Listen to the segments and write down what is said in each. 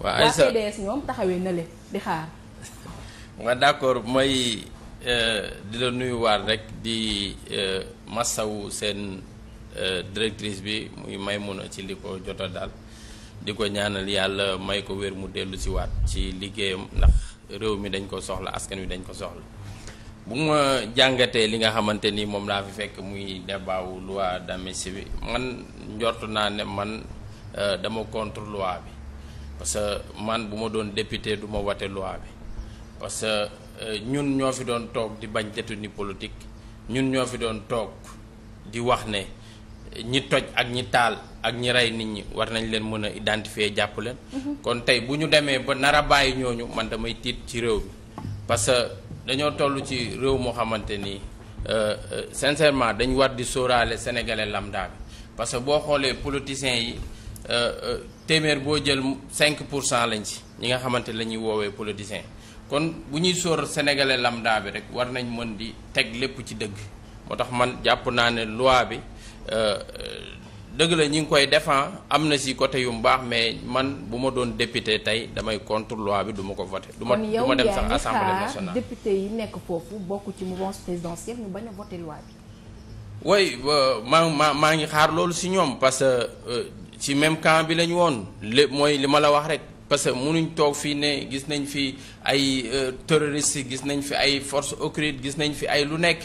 waa ay sa waa PDS ñoom taxawee na le di xaar. nga d'accord mooy euh, di la nuyuwaat rek di euh, massawu seen euh, directrice bi muy Maymuna ci li ko jot daal di ko ñaanal yàlla may ko wér mu dellu si waat ci liggéeyam ndax réew mi dañ ko soxla askan wi dañ ko soxla bu ma jàngatee li nga xamante ni moom laa fi fekk muy débat wu loi bi man njort naa ne man dama contre loi bi. parce que man bu ma doon député du ma wate loi bi parce que euh, ñun ñoo fi doon toog di bañ ni politique ñun ñoo fi doon toog di wax ne ñi toj ak ñi taal ak ñi rey nit ñi war nañ leen mën a identifier jàpp leen. Mhm. kon tey bu ñu demee ba nar a bàyyi ñooñu man damay tiit ci réew bi parce que dañoo toll ci réew moo xamante ni euh, euh, sincèrement dañ war di sóoraale sénégalais lambda bi parce boo xoolee politiciens yi. Euh, euh, téeméer boo jël cinq pour cent lañ ci ñi nga xamante la ñuy woowee politicien kon bu ñuy sóor sénégalais lambda bi rek war nañ mën di teg lépp ci dëgg moo tax man jàpp naa ne loi bi euh, dëgg la ñi ngi koy défend ah, am na si côté yu mbaax baax mais man bu ma doon député tey damay contre loi bi duma ko voté. du ma du ma dem sax assemblée nationale député yi nekk foofu bokk ci mouvance présidentielle ñu bañ a voté loi bi. oui maa maa maa ngi xaar loolu si ñoom parce que. ci même camp bi lañu woon lépp mooy li ma la wax rek parce que munuñ toog fii ne gis nañ fi ay euh, terroristes gis nañ fi ay forces occultes gis nañ fi ay lu nekk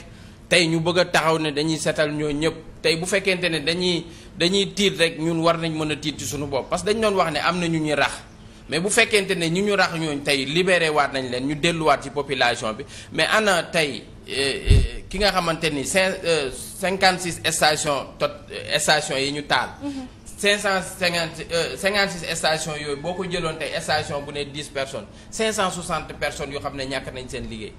tey ñu bëgg a taxaw ne dañuy setal ñoo ñëpp tey bu fekkente ne dañuy dañuy tiit rek ñun war nañ mën a tiit ci suñu bopp parce dañu doon wax ne am na ñu ñuy rax mais bu fekkente ne ñu ñu rax ñooñu tey libéré waat nañ leen ñu delluwaat ci population bi mais ana tey euh, euh, ki nga xamante ni cinq cinquante six station tot yi ñu taal mm-hmm. cinq cent cinquante euh, cinquante six stations yooyu boo ko jëloon tey station bu ne dix personnes cinq cent soixante personnes yoo xam ne ñàkk nañ seen liggéey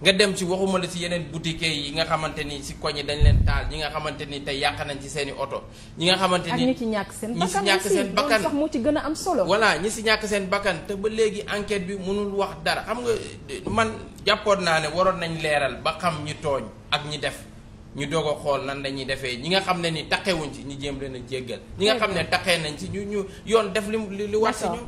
nga dem ci waxuma la ci yeneen boutique yi nga xamante ni ci koñ yi dañ leen taal ñi nga xamante ni tey yàq nañ ci seeni oto ñi nga xamante ni ñi ci ñàkk seen bakkan sax moo ci gën a am solo voilà ñi ci ñàkk seen bakkan te ba léegi enquête bi mënul wax dara xam nga man jàppoon naa ne waroon nañ leeral ba xam ñi tooñ ak ñi def ñu doog a xool nan la ñuy defee ñi nga xam ne ni taxewuñ ci ñu jéem leen a jéggal ñi nga xam ne taqee nañ ci ñu ñu yoon def li li war si ñu